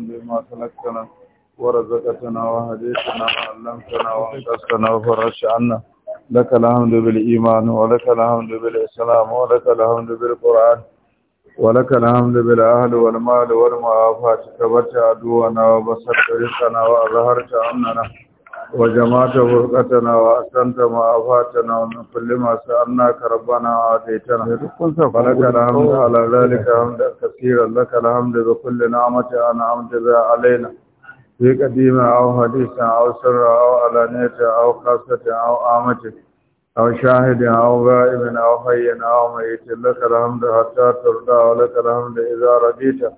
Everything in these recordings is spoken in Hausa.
الحمد لما خلقتنا ورزقتنا وهديتنا وعلمتنا وانقصتنا وفرجت عنا لك الحمد بالإيمان ولك الحمد بالإسلام ولك الحمد بالقرآن ولك الحمد بالأهل والمال والمعافات كبرت عدونا وبسطت رزقنا وأظهرت أمننا wa jama'ata furqatana wa asanta ma afatana wa min kulli ma sa'alnaka rabbana wa ataytana bi dukkan sabalaka alhamdu ala zalika hamda katsiran laka alhamdu bi kulli ni'mati an'amta bi alaina bi qadima aw hadisa aw sirra aw alaniyata aw khassata aw amata aw shahida aw ghaibin aw hayyin aw mayyitin laka alhamdu hatta turda wa laka alhamdu idza rajita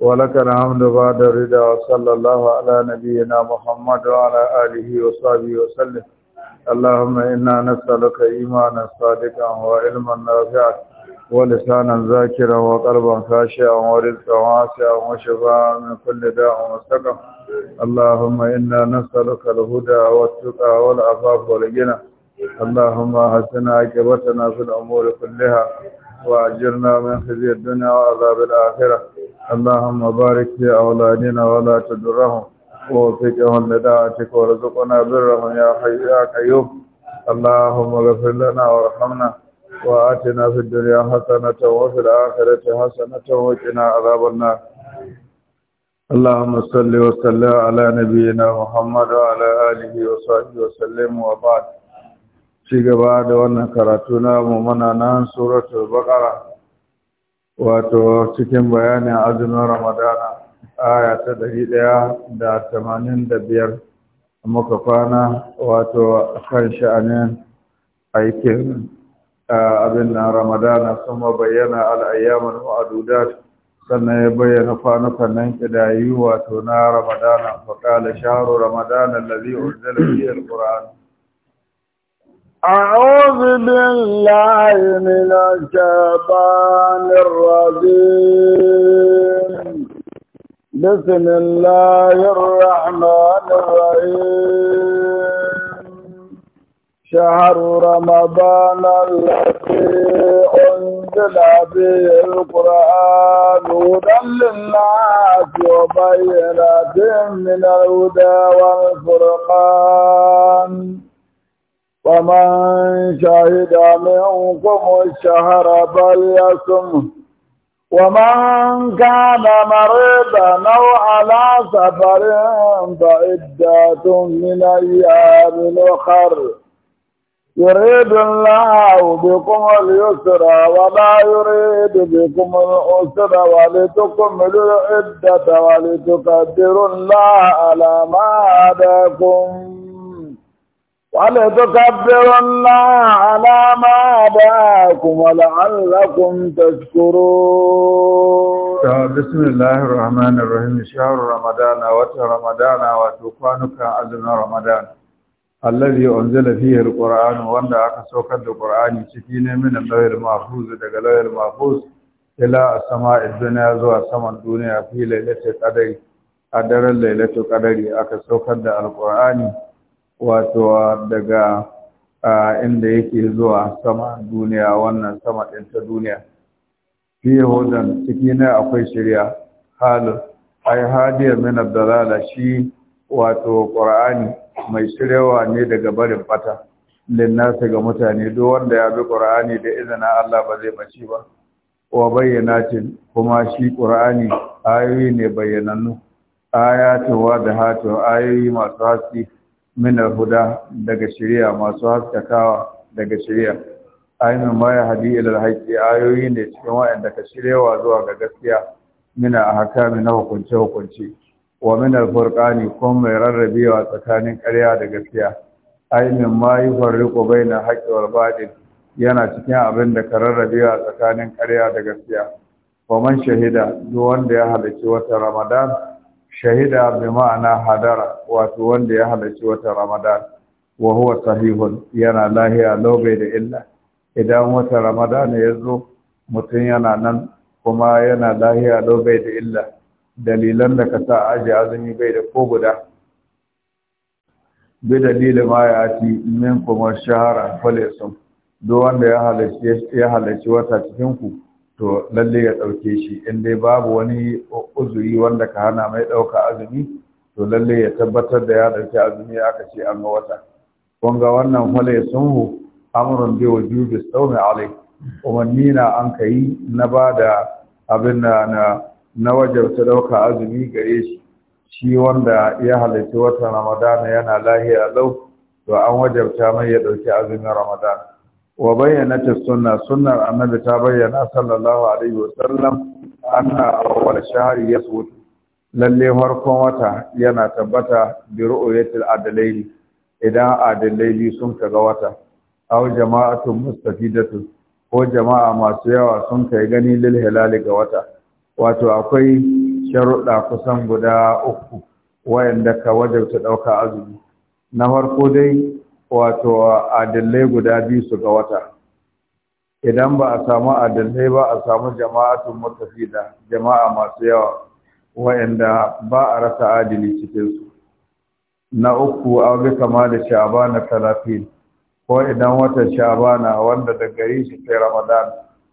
ولك الحمد بعد الرضا وصلى الله على نبينا محمد وعلى آله وصحبه وسلم اللهم إنا نسألك إيمانا صادقا وعلما نافعا ولسانا ذاكرا وقلبا خاشعا ورزقا واسعا وشفاء من كل داء وسقم اللهم إنا نسألك الهدى والتقى والعفاف والغنى اللهم حسن عاقبتنا في الأمور كلها وأجرنا من خزي الدنيا وعذاب الآخرة اللهم بارك في أولادنا ولا تدرهم ووفقهم لداعتك وارزقنا برهم يا حي يا قيوم اللهم اغفر لنا وارحمنا وآتنا في الدنيا حسنة وفي الآخرة حسنة وقنا عذاب النار اللهم صل وسلم على نبينا محمد وعلى آله وصحبه وسلم وبعد ci بعد وانا wannan karatu na mu wato cikin bayanin azumin ramadana aya ta ɗari ɗaya da tamanin da biyar muka kwana wato kan sha'anin aikin abin na ramadana sun bayyana al'ayyaman ma'aduda sannan ya bayyana kwanukan nan kidayi wato na ramadana fakala shaharu ramadana lalzi urzala fiye أعوذ بالله من الشيطان الرجيم بسم الله الرحمن الرحيم شهر رمضان الذي أنزل فيه القرآن هدى للناس وبينات من الهدى والفرقان ومن شهد منكم الشهر فليصم ومن كان مريضا او على سفر فعدة من ايام اخر يريد الله بكم اليسر ولا يريد بكم العسر ولتكملوا العدة ولتقدروا الله على ما هداكم Kwale ta tafe wannan alama ba, kuma da Allah kun tashar. Da! In bisimil layi'ar rahmanin rahimiin! Shaharar Ramadan, wata Ramadan wato kwanukan adana Ramadan. Allazu, yawan zina biyar ƙur'ani, wanda aka saukar da Alƙur'ani, ciki ne minin lauyel mahaifiyu daga lauyel mahaifiyu ila Asama'a, Ibrahim zuwa saman duniya fiye da lailata ƙadari, haɗarin lailata aka saukar da Alƙur'ani. wato daga inda yake zuwa sama duniya wannan sama ɗin ta duniya fi hudan ciki ne akwai shirya halin ai hadiyar minar dalala shi wato ƙur'ani mai shiryawa ne daga barin fata linnasi ga mutane duk wanda ya bi ƙur'ani da izina Allah ba zai baci ba wa bayyanatin kuma shi ƙur'ani ayoyi ne bayyanannu ayatin da hatin ayoyi masu haske minar huda daga shirya masu haskakawa daga shirya ainihin ma ya hadi ilal haƙƙi ayoyi ne cikin waɗanda ka shiryawa zuwa ga gaskiya mina a hakami na hukunce-hukunce wa minar furƙani ko mai rarrabewa tsakanin ƙarya da gaskiya ainihin ma yi farriko bai na yana cikin abin da ka rarrabewa tsakanin ƙarya da gaskiya wa man shahida duk wanda ya halarci watan ramadan shahida bi ma'ana hadara wato wanda ya halarci wata ramadan wa huwa sahihun yana lahiya lobe da illa idan wata ramadan ya zo mutum yana nan kuma yana lahiya lobe da illa dalilan da ka sa aji azumi bai da ko guda bi dalilin ma ya ci min kuma shahara falisun duk wanda ya halarci wata cikin ku to lalle ya dauke shi in dai babu wani uzuri wanda ka hana mai ɗauka azumi to lalle ya tabbatar da ya ɗauki azumi aka ce an ga wata kun ga wannan fale sun hu amurin bai wa saumi alai umarni na an ka yi na ba da abin na na na wajarta ɗauka azumi gare shi shi wanda ya halarci watan ramadana yana lahiya lau to an wajabta mai ya ɗauki azumin ramadana wa bayyana ta sunna sunnar annabi ta bayyana sallallahu alaihi wa sallam anna awwal shahri yasud lalle farkon wata yana tabbata bi ru'yatil adalaini idan adalaini sun kaga wata aw jama'atun mustafidatu ko jama'a masu yawa sun kai gani lil hilali ga wata wato akwai sharuɗa kusan guda uku wayanda ka wajabta ɗauka azumi na farko dai wato adalai guda biyu su ga wata idan ba a samu adalai ba a samu jama'atun mutafida jama'a masu yawa wa'anda ba a rasa adili su na uku a kama da shabana talatin ko idan watan shabana wanda da gari shi sai ramadan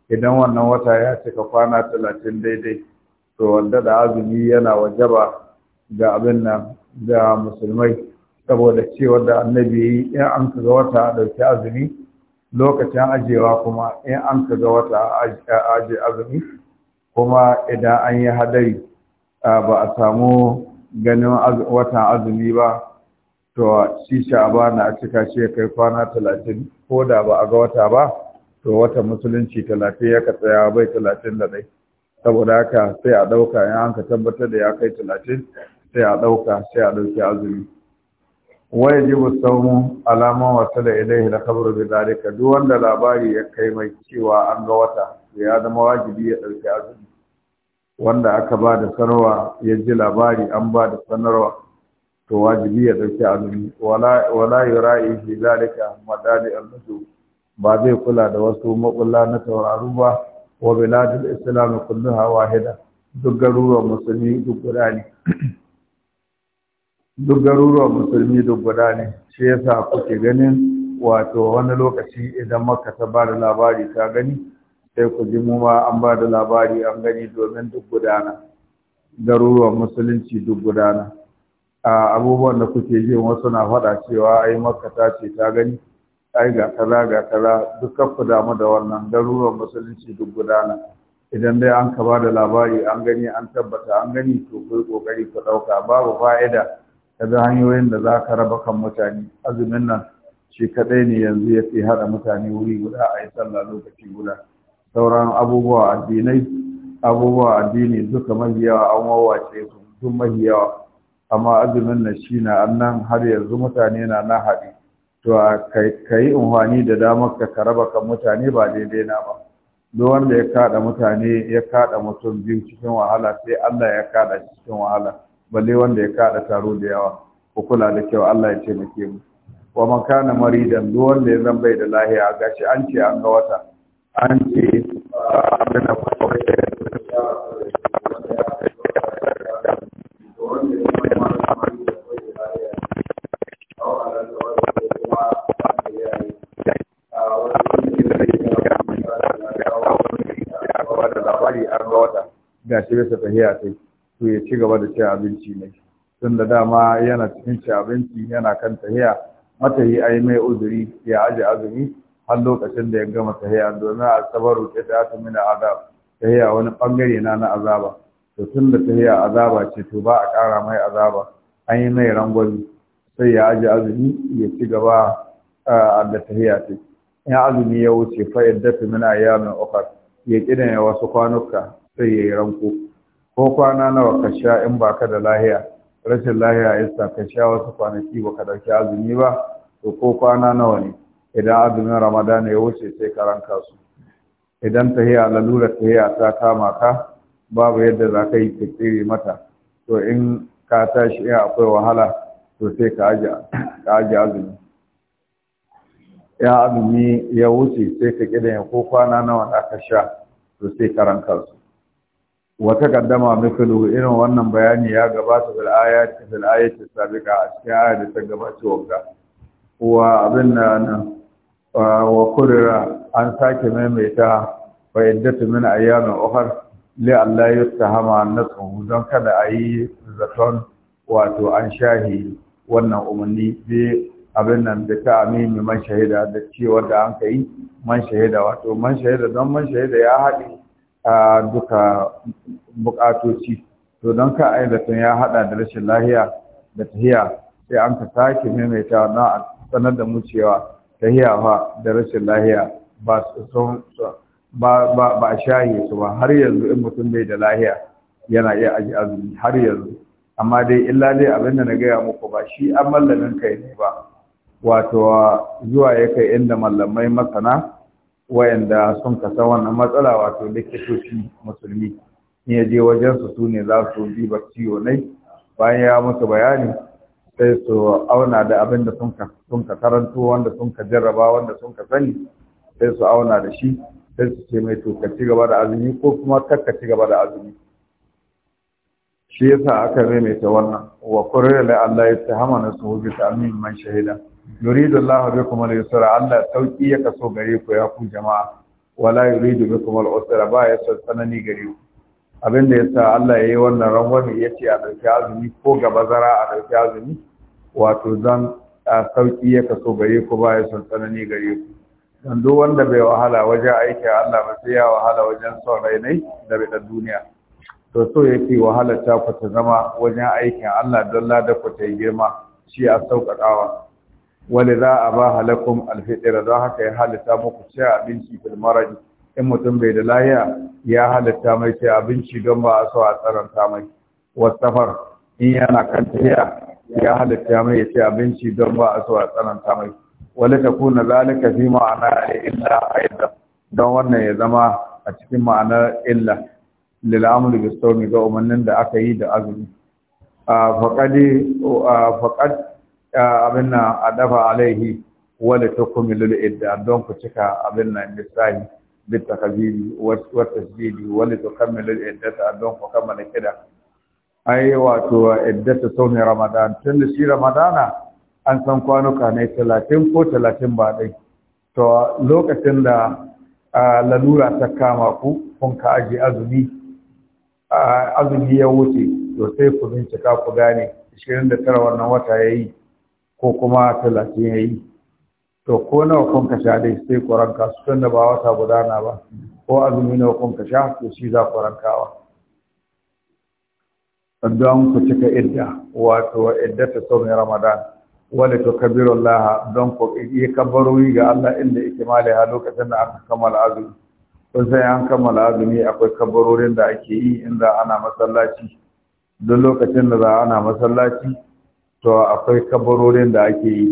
idan wannan wata ya cika kwana talatin daidai to wanda da azumi yana wajaba ga abin nan ga musulmai saboda cewar da annabi in an ga wata a ɗauki azumi lokacin ajiyewa kuma in an kaga wata aji azumi kuma idan an yi hadari ba a samu ganin watan azumi ba to shi na a cika shi ya kai kwana talatin ko da ba a ga wata ba to wata musulunci talatin ya ka tsaya bai talatin da ɗai saboda haka sai a ɗauka in an ka tabbatar da ya kai talatin sai a ɗauka sai a ɗauki azumi wajibu saumu alamar wata da ilaihi da kabar bi duk wanda labari ya kai mai cewa an ga wata ya zama wajibi ya ɗauki azumi wanda aka ba da sanarwa ya ji labari an ba da sanarwa to wajibi ya ɗauki azumi wala yura'i fi dalika madadi al-nusu ba zai kula da wasu makulla na tauraru ba wa biladul islam kulluha wahida duk garuruwan musulmi duk guda ne duk garuruwan musulmi duk guda ne shi yasa kuke ganin wato wani lokaci idan maka ta ba da labari ta gani sai ku ji mu ma an bada da labari an gani domin duk gudana garuruwan musulunci duk gudana a abubuwan da kuke jin wasu na faɗa cewa ai makka ta ce ta gani ai ga kaza ga kaza duk ku damu da wannan garuruwan musulunci duk gudana idan dai an ka ba labari an gani an tabbata an gani to kai kokari ku ɗauka babu fa'ida ka bi hanyoyin da za ka raba kan mutane azumin nan shi kaɗai ne yanzu ya fi haɗa mutane wuri guda a yi sallah lokaci guda sauran abubuwa addinai abubuwa addini duka mafi yawa an wawace su duk yawa, amma azumin nan shi na annan har yanzu mutane na na haɗe to ka yi unhwani da damar ka ka raba kan mutane ba daidai na ba duk wanda ya kaɗa mutane ya kaɗa mutum biyu cikin wahala sai Allah ya kaɗa cikin wahala balle wanda ya kada taro da yawa ku kula da kyau Allah ya taimake mu wa man kana maridan duk wanda ya zan bai da lahiya gashi an ce an ga wata an ce abin da kuma ga shi bisa tahiya sai to ya ci gaba da cin abinci ne tun da dama yana cikin cin abinci yana kan tahiya mata a yi mai uzuri ya aje azumi har lokacin da ya gama tahiya domin a sabaru ta ta ta mina azab tahiya wani bangare na na azaba to tun da tahiya azaba ce to ba a kara mai azaba an yi mai rangwani sai ya aje azumi ya ci gaba da tahiya ce ya azumi ya wuce fa'idda ta mina ya min ya kidan ya wasu kwanuka sai ya yi ranko ko kwana nawa ka sha in baka da lahiya rashin lahiya yasa ka sha wasu kwanaki ba ka ɗauki azumi ba to ko kwana nawa ne idan azumin ramadan ya wuce sai ka ranka su idan ta hiya lalura ta hiya ta kama ka babu yadda za ka yi tsiri mata to in ka tashi in akwai wahala to sai ka aji azumi ya azumi ya wuce sai ka kidan ko kwana nawa da ka sha to sai ka ranka su wa taqaddama mithluhu irin wannan bayani ya gabata da ayati fil ayati a cikin ayat da ta gabata wanka. wa abin nan wa kurira an sake maimaita wa iddatu min ayyamin ukhra li Allah yuttahama nasu don kada a yi zaton wato an shahi wannan umarni bi abin nan da ta amimi man shahida da cewa da an kai man shahida wato man shahida don man shahida ya haɗe duka bukatoci to don ka aizaton ya hada da rashin lahiya da tahiya sai an ka sake maimaita na a sanar da mu cewa tahiya fa da rashin lahiya ba sun ba ba ba shaye su ba har yanzu in mutum bai da lahiya yana iya aji azumi har yanzu amma dai illa dai abin da na gaya muku ba shi an mallamin kai ne ba wato zuwa ya kai inda mallamai masana wayanda sun kasa wannan matsala wato likitoci musulmi in ya je wajen su su ne za su bi ba ciwo nai bayan ya musu bayani sai su auna da abin da sun ka karanto wanda sun ka jarraba wanda sun ka sani sai su auna da shi sai su ce mai to ka ci gaba da azumi ko kuma kar ka ci gaba da azumi shi yasa aka maimaita wannan wa qurra la ta hamana su hujjata ta'min man shahida yuridu Allah kuma al-yusra Allah sauki ya kaso gare ku ya ku jama'a wala yuridu bikum al-usra ba ya tsanani gare ku abin da yasa Allah yayi wannan rangwame yace a dauki azumi ko gaba zara a dauki azumi wato zan sauki ya kaso gare ku ba ya tsanani gare ku dan duk wanda bai wahala wajen aiki Allah ba sai ya wahala wajen son rainai da bidan duniya to so yake wahalar ta ku ta zama wajen aikin Allah don lada ku ta yi girma shi a sauƙaƙawa wani za a ba halakun alfitira don haka ya halitta muku ce abinci filmaraji in mutum bai da lahiya ya halitta mai ce abinci don ba a so a tsaranta mai wasafar in yana kan tafiya ya halitta mai ya abinci don ba a so a tsaranta mai wani ta kuna zalika fi ma'ana illa a yadda don wannan ya zama a cikin ma'anar illa lil amri bis ga umarnin da aka yi da azumi a faqadi abin nan a dafa alaihi wala tukmilu idda don ku cika abin nan misali bit takabiri wa tasjidi wala tukmilu idda don ku kammala kida ai wato ta sawmi ramadan tun shi ramadana an san kwanuka ne 30 ko 30 ba dai to lokacin da lalura ta kama ku kun ka aje azumi azumi ya wuce to sai ku bincika ku gane 29 wannan wata yayi ko kuma talatin ya yi to ko nawa kun ka sha dai sai ku ranka su tun da ba wata gudana ba ko azumi nawa kun ka sha to shi za ku rankawa don ku cika idda wato idda ta ramadan wale to Kabiru laha don ku yi kabaroyi ga Allah inda ikimali a lokacin da aka kammala azumi kun san an kammala azumi akwai kabarorin da ake yi inda ana masallaci duk lokacin da za ana masallaci to akwai kabarorin da ake yi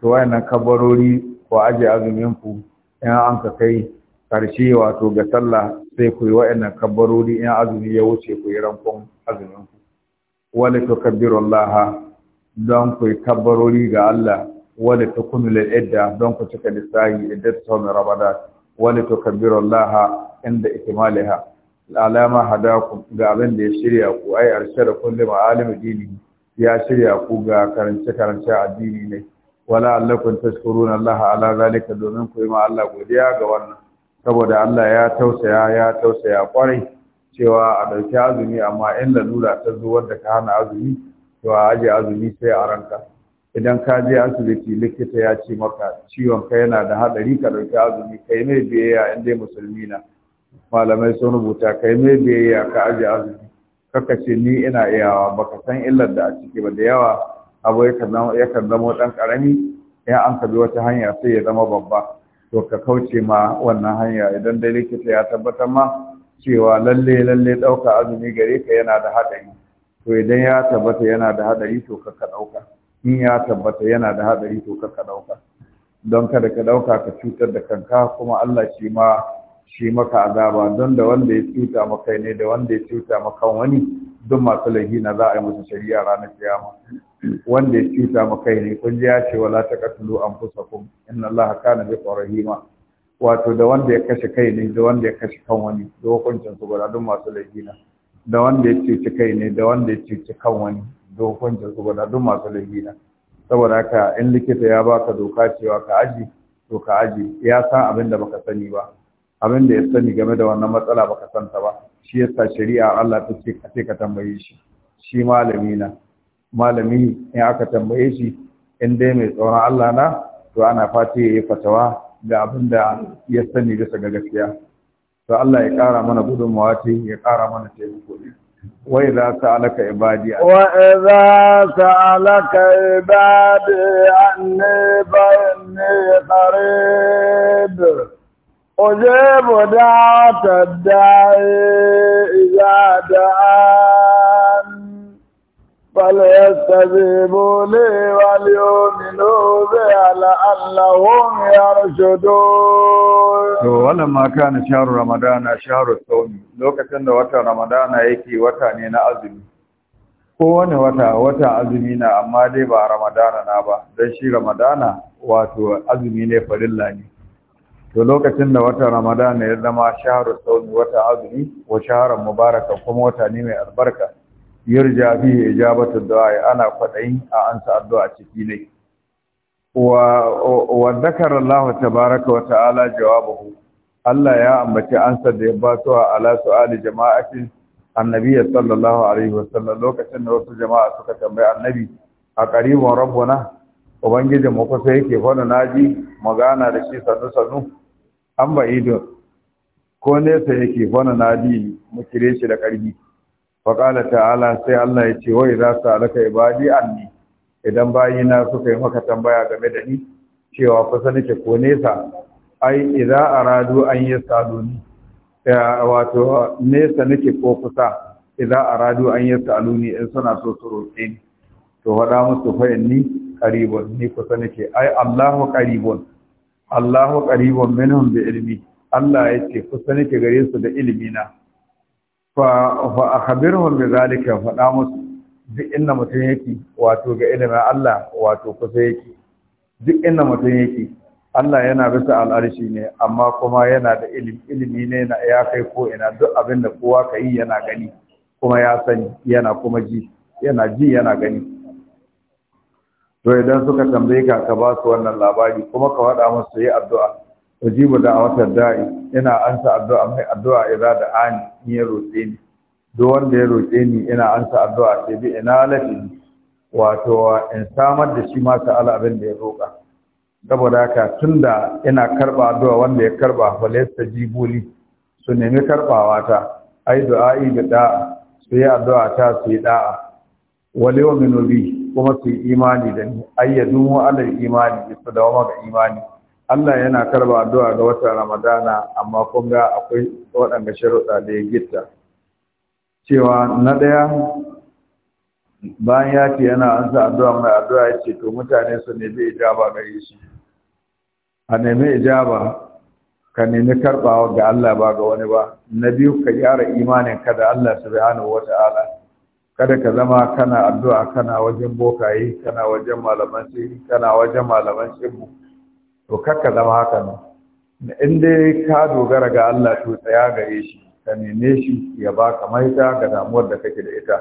to wayannan kabarori ku aje azumin ku in an ka kai karshe wato ga sallah sai ku yi wayannan kabarori in azumi ya wuce ku yi rankon azumin ku wala tukabbirullaha don ku yi kabarori ga Allah wala tukunul idda don ku cika lissahi iddat sawmi rabada wala tukabbirullaha inda ikmalaha alama hadakum ga abin da ya shirya ku ai arshada kullu ma'alimi dini ya shirya ku ga karance-karance addini ne wala allakun tashkurun Allah ala zalika domin ku yi ma Allah godiya ga wannan saboda Allah ya tausaya ya tausaya kwarai cewa a ɗauki azumi amma in lalura ta zo wanda ka hana azumi to a aje azumi sai a ranka idan ka je asibiti likita ya ce maka ciwon ka yana da hadari ka ɗauki azumi kai mai biyayya in dai musulmi na malamai sun rubuta kai mai biyayya ka aje azumi kaka ce ni ina iyawa baka san illar da a ciki ba da yawa abu ya kan zama ɗan ƙarami in an ka bi wata hanya sai ya zama babba to ka kauce ma wannan hanya idan dai likita ya tabbatar ma cewa lalle lalle ɗauka azumi gare ka yana da haɗari to idan ya tabbata yana da haɗari to ka ka ɗauka in ya tabbata yana da haɗari to ka ka ɗauka don kada ka ɗauka ka cutar da kanka kuma Allah shi ma shi maka azaba don da wanda ya cuta maka ne da wanda ya cuta maka wani duk masu laifi na za a yi musu shari'a ranar kiyama wanda ya cuta maka ne kun ji ya ce wala fusa anfusakum inna ka na bikum rahima wato da wanda ya kashe kai ne da wanda ya kashe kan wani da hukuncin su guda duk masu laifi na da wanda ya cuci kai ne da wanda ya cuci kan wani da hukuncin su guda duk masu laifi na saboda haka in likita ya baka doka cewa ka aji to ka aji ya san abin da baka sani ba abin da ya sani game da wannan matsala baka santa ba shi yasa shari'a Allah ta ce ka ka tambaye shi shi malami na malami in aka tambaye shi in dai mai tsoron Allah na to ana fati ya yi fatawa ga abin da ya sani bisa ga gaskiya to Allah ya ƙara mana gudunmawa ce ya ƙara mana taimako ne wai za ta alaka ibadi a wa za ibadi an ne da an أجيب دعوة الداعي إذا دعان فليستجيبوا لي وليؤمنوا بي لعلهم يرشدون to wannan ma na sharu ramadana sharu sauni lokacin da wata ramadana yake wata ne na azumi ko wani wata wata azumi na amma dai ba ramadana na ba dan shi ramadana wato azumi ne farilla ne to lokacin da watan ramadan ya zama shaharar sauni wata azumi wa shaharar mubaraka kuma wata ne mai albarka yurja bihi ijabatu du'a ana kwadayin a ansa addu'a ciki ne wa zakar Allah Ta baraka wa ta'ala jawabahu Allah ya ambaci ansa da ya ba su ala su'ali jama'atin annabi sallallahu alaihi wa sallam. lokacin da wasu jama'a suka tambayi annabi a qaribun rabbuna ubangijin mu kusa yake faɗa naji magana da shi sannu sannu an ba idon ko nesa yake wani nadi mukire shi da ƙarfi faƙala ta'ala sai Allah ya ce wai za su alaka ibadi anni idan bayina suka yi maka tambaya game da ni cewa kusa nake ko nesa ai idza aradu an ni wato nesa nake ko kusa idza aradu an ni in suna so su roƙe ni to faɗa musu fa inni ni kusa nake ai Allahu qaribun Allahu qaribun minhum bi ilmi Allah yace kusa nake gare su da ilimi na fa fa akhbirhum bi zalika faɗa musu duk inda mutum yake wato ga ilimin Allah wato kusa yake duk inda mutum yake Allah yana bisa al'arshi ne amma kuma yana da ilimi ne na ya kai ko ina duk abin da kowa kayi yana gani kuma ya sani yana kuma ji yana ji yana gani to idan suka tambayi ka ka ba wannan labari kuma ka faɗa musu yi addu'a ujibu da watan da'i ina ansa addu'a mai addu'a idza da ani in ya roƙe ni duk wanda ya roƙe ni ina ansa addu'a sai bi ina lafi wato in samar da shi ma ala abin da ya roƙa saboda haka tunda ina karɓa addu'a wanda ya karɓa, karba ji jibuli su nemi karɓawa ta ai du'a'i da da'a su yi addu'a ta su yi da'a walewa minobi kuma su yi imani da ni ayyadu mu alal imani su dawama ga imani Allah yana karba addu'a ga wata Ramadana amma kun ga akwai waɗanda sharuɗa da ya gitta cewa na ɗaya bayan ya ce yana an sa addu'a mai addu'a ya ce to mutane su nemi ijaba ga shi a nemi ijaba ka nemi karɓawa ga Allah ba ga wani ba na biyu ka gyara imanin ka da Allah subhanahu wata'ala kada ka zama kana addu'a kana wajen bokaye kana wajen malaman shi kana wajen malaman shi to kaka zama haka ne in dai ka dogara ga Allah to tsaya gare shi ka neme shi ya baka maita ga damuwar da kake da ita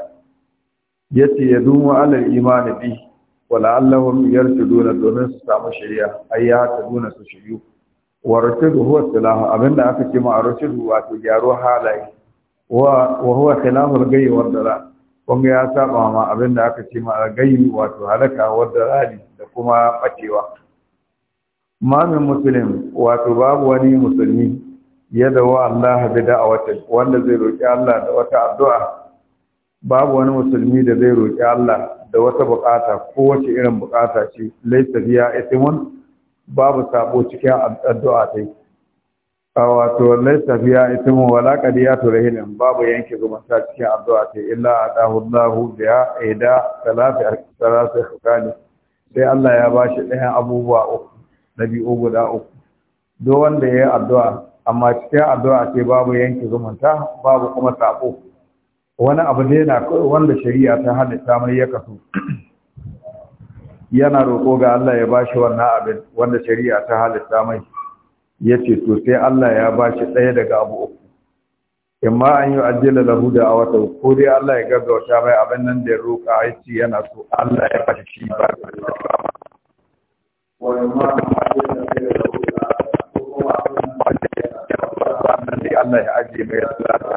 yace ya dumu alal imani bi wala allahum yartuduna domin su samu shari'a ayya taduna su shiyu wa rutudu huwa salahu abinda aka ce ma rutudu wato gyaro halaye wa huwa khilaful gayyi wa dalal kun ya saba ma abin da aka ce ma algayi wato halaka wadda rali da kuma bacewa mamin musulun wato babu wani musulmi ya dawo Allah bi da'awatin wanda zai roƙi Allah da wata addu'a babu wani musulmi da zai roƙi Allah da wata bukata ko wace irin bukata ce laysa biya ismun babu sabo cikin addu'a sai. a wato tafiya fiya ismu wala qadiyatu rahilin babu yanke zumunta cikin addu'a ce illa adahu Allahu biya ida salati salati khali sai Allah ya bashi ɗayan abubuwa uku ugu guda uku Do wanda ya yi addu'a amma cikin addu'a ce babu yanke zumunta babu kuma sako wani abu ne na wanda shari'a ta halitta mai ya kaso. yana roƙo ga Allah ya bashi wannan abin wanda shari'a ta halitta mai ya ce to sai Allah ya ba shi ɗaya daga abu uku in an yi ajiyar lahu da a wata ko dai Allah ya wata bai abin nan da ya roƙa a yi yana so Allah ya ba shi ba da Allah ya ajiye mai lalata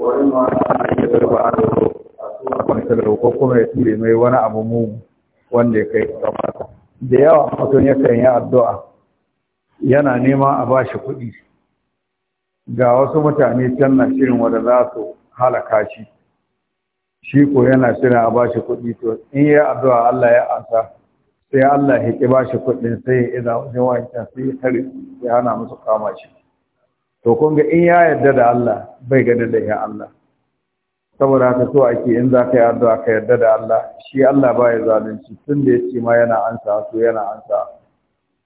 wani ma yi a ko kuma ya ture mai wani abu mu wanda ya kai kama da yawa mutum yakan yi addu'a yana nema a ba shi kuɗi ga wasu mutane can na shirin wadda za su halaka shi shi ko yana shirin a ba shi kuɗi to in yi addu'a Allah ya ansa sai Allah ya ƙi ba shi kuɗin sai ya iza wajen wancan sai ya tare ya hana musu kama shi to kun in ya yarda da Allah bai gani da ya Allah saboda haka so ake in za ka yi addu'a ka yarda da Allah shi Allah ba ya zalunci tun da ya ce ma yana ansa so yana ansa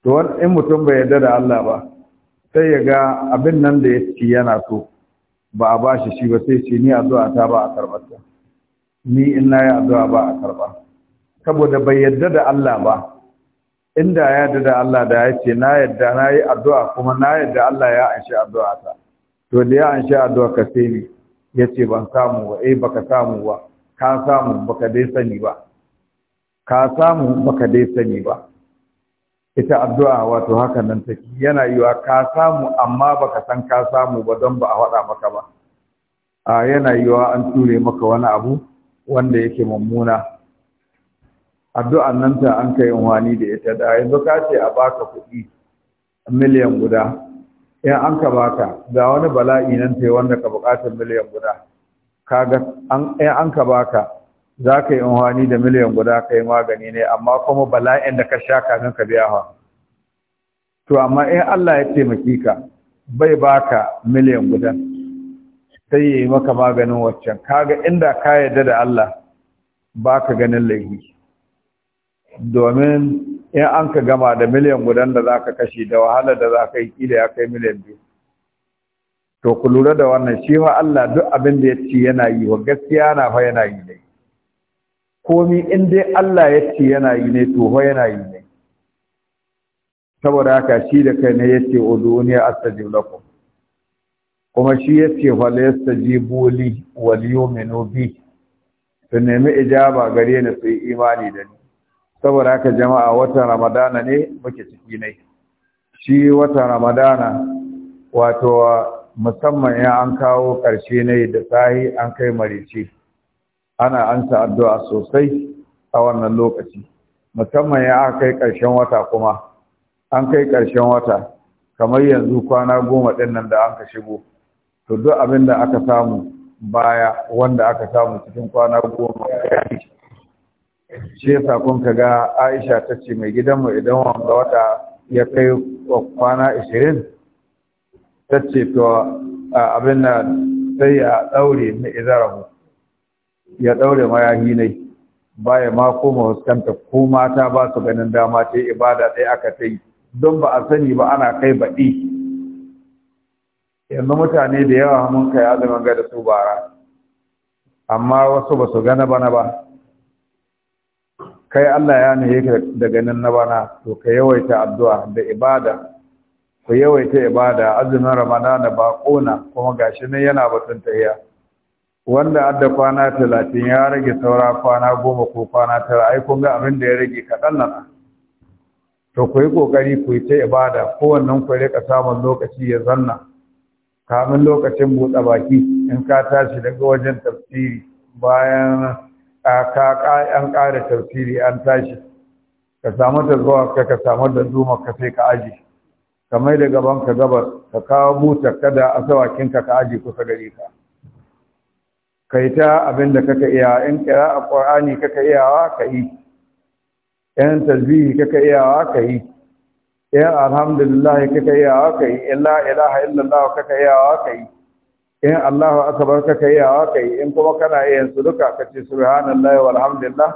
to in mutum bai yarda da Allah ba sai ya ga abin nan da ya ce yana so ba a bashi shi ba sai ce ni addu'a ta ba a karɓar ta ni in na yi addu'a ba a karɓa saboda bai yarda da Allah ba inda ya yarda da Allah da ya ce na yarda na yi addu'a kuma na yarda Allah ya anshi addu'a ta to da ya anshi addu'a ka sai ni ya ce ban samu ba eh baka samu ba ka samu baka dai sani ba ka samu baka dai sani ba ita addu'a wato haka nan take yana yiwa ka samu amma baka san ka samu ba don ba a waɗa maka ba a yana yiwa an ture maka wani abu wanda yake mummuna addu'an nan ta an kai wani da ita da yanzu ka ce a baka kuɗi miliyan guda in an ka baka ga wani bala'i nan ta yi wanda ka bukatar miliyan guda kaga in an ka baka za ka yi unhani da miliyan guda ka yi magani ne amma kuma bala'in da ka sha kafin ka biya hawa to amma in Allah ya taimaki ka bai baka miliyan guda sai ya yi maka maganin waccan kaga inda ka yarda da Allah baka ganin laifi domin in an ka gama da miliyan gudan da za ka kashe da wahala da za ka yi kila ya kai miliyan biyu to ku lura da wannan shi ma Allah duk abin da ya ce yana yi wa gaskiya na fa yana yi ne komi in dai Allah ya ce yana yi ne to fa yana yi ne saboda haka shi da kai ne ya ce duniya astajib lakum kuma shi ya ce fa la yastajibu li wal yu'minu bi nemi ijaba gare ni su yi imani da ni saboda haka jama'a watan ramadana ne muke ciki ne shi watan ramadana wato musamman ya an kawo ƙarshe ne da sahi an kai marici ana ansa addu'a sosai a wannan lokaci musamman ya kai ƙarshen wata kuma an kai ƙarshen wata kamar yanzu kwana goma ɗin nan da aka shigo to duk abin da aka samu baya wanda aka samu cikin kwana goma ya yi shi yasa kun ka ga Aisha ta ce mai gidanmu idan wanga wata ya kai kwana 20 ta ce to abin da sai ya daure mai izarahu ya daure mayahi ne baya ma koma huskanta ko mata ba su ganin dama ta ibada ɗaya aka ta yi don ba a sani ba ana kai baɗi yanzu mutane da yawa mun kai azumin ga da su bara amma wasu ba su gana bana ba kai Allah ya nuhe ka daga nan na bana to ka yawaita addu'a da ibada ku yawaita ibada azumin ramadana ba kona kuma gashi nan yana batun tayya wanda adda kwana talatin ya rage saura kwana goma ko kwana tara ai kun ga abin da ya rage kaɗan nan to ku yi ƙoƙari ku yi ta ibada wannan ku rika samun lokaci ya zanna kamin lokacin buɗe baki in ka tashi daga wajen tafsiri bayan an ƙara tafsiri an tashi ka samu da zuwa ka ka samu da zuma ka sai ka aji ka mai da gaban ka gabar ka kawo buta kada sawakin ka ka aji kusa gare ka kai ta abin da kaka iya in kira a ƙwar'ani kaka iyawa ka yi in tasbihi kaka iyawa ka yi in alhamdulillah kaka iyawa ka yi illa ilaha illallah kaka iyawa ka yi in Allahu akbar kaka yi hawa kai in kuma kana yin su duka ka ce subhanallahi walhamdulillah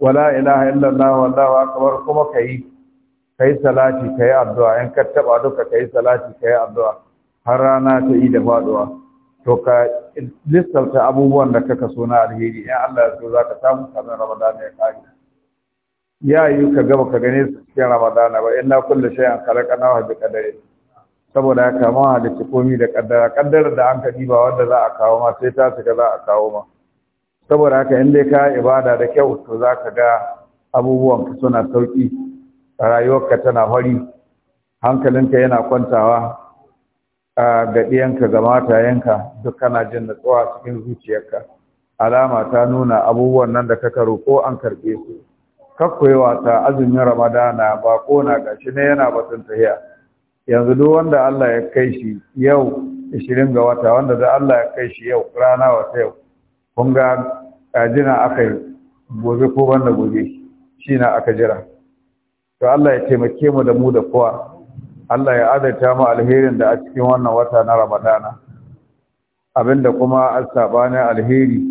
wala ilaha illallah wallahu akbar kuma kai kai salati kai addu'a in ka taba duka kai salati kai addu'a har rana ta yi da faduwa to ka listalta abubuwan da kaka so na alheri in Allah ya so zaka samu sanar Ramadan ya kai ya yi ka gaba ka gane su cikin Ramadan ba inna kullu shay'in khalaqnahu bi qadari saboda haka ma da ci komi da kaddara kaddara da an kadi ba wanda za a kawo ma sai ta shiga za a kawo ma saboda haka in dai ka ibada da kyau to za ka ga abubuwan ka suna sauki rayuwarka tana fari hankalinka yana kwantawa a gaɗiyanka ga matayenka duk kana jin natsuwa cikin zuciyarka alama ta nuna abubuwan nan da kaka ko an karɓe su kakkoyewa wasa azumin ramadana ba na gashi ne yana batun tahiya yanzu duk wanda Allah ya kai shi yau 20 ga wata wanda da Allah ya kai shi yau rana wata yau kun ga kajina aka yi gobe ko banda gobe shi na aka jira to Allah ya taimake mu da mu da kowa Allah ya adata mu alherin da a cikin wannan wata na Ramadana abinda kuma asabani alheri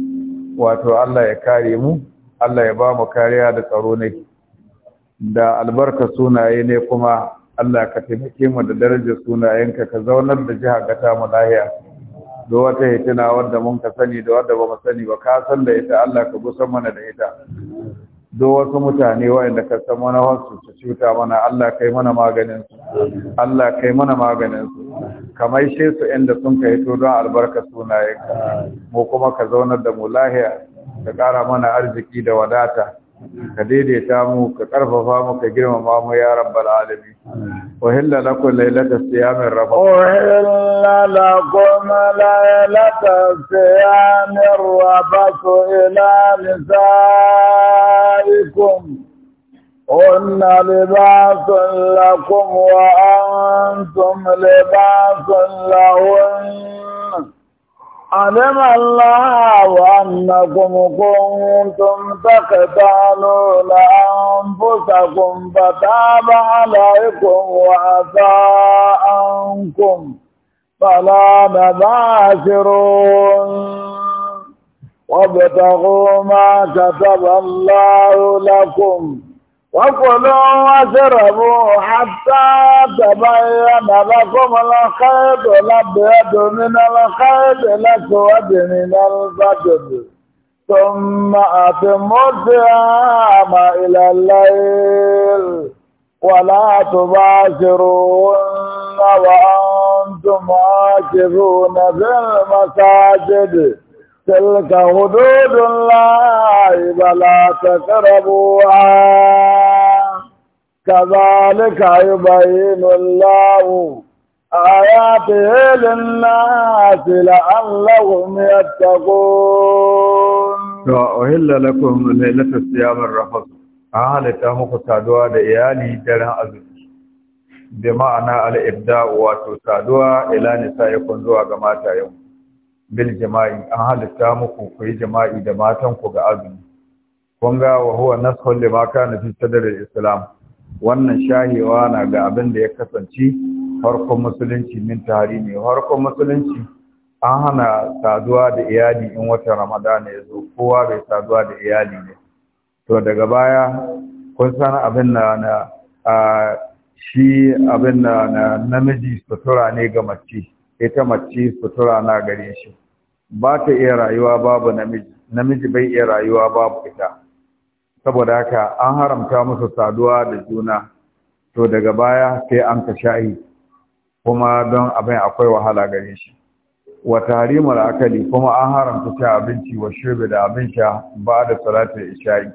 wato Allah ya kare mu Allah ya ba mu kariya da tsaro ne da albarka sunaye ne kuma Allah ka taimake mu da darajar sunayenka ka zaunar da jiha ga ta mu lahiya da wata hitina wadda mun ka sani da wadda ba mu sani ba ka san da ita Allah ka gusan mana da ita do wasu mutane waɗanda ka san mana wasu su cuta mana Allah kai mana maganin su Allah kai mana maganin su kamar su inda sun kai to don albarka sunayenka mu kuma ka zaunar da mu lahiya ka ƙara mana arziki da wadata ka daidaita mu ka karfafa mu يا رب العالمين ya وهل لكم ليلة الصيام الرفث وهل لكم ليلة الصيام الرفث إلى نسائكم هن لباس لكم وأنتم لباس لهن علم الله أنكم كنتم تقتالون أنفسكم فتاب عليكم وعفى عنكم فلا تباشرون وابتغوا ما كتب الله لكم وكلوا واشربوا حتى تبين لكم الخيط الابيض من الخيط الاسود من الفجر ثم اتموا الصيام الى الليل ولا تباشرون وانتم عاكفون في المساجد تلك حدود الله فلا تقربوها كذلك يبين الله آياته للناس لعلهم يتقون وأهل لكم ليلة الصيام الرفض أهل تهمك سادوا لإيالي جرها أزل بمعنى الإبداء وتسادوا إلى نسائكم زوا كما يوم bil jama'i an halitta muku ku yi jama'i da matan ku ga azumi kun ga wa huwa nashul lima kana fi sadr islam wannan shahewa na ga abin da ya kasance farkon musulunci min ne farkon musulunci an hana saduwa da iyali in watan ramadana ya zo kowa bai saduwa da iyali ne to daga baya kun san abin na na shi abin na namiji sutura ne ga mace ita mace sutura na gare shi ba ta iya rayuwa babu namiji namiji bai iya rayuwa babu ita saboda haka an haramta musu saduwa da juna to daga baya sai an ka sha'i kuma don abin akwai wahala gare shi wa tarimul akali kuma an haramta ta abinci wa shirbe da abin sha ba da salatul isha'i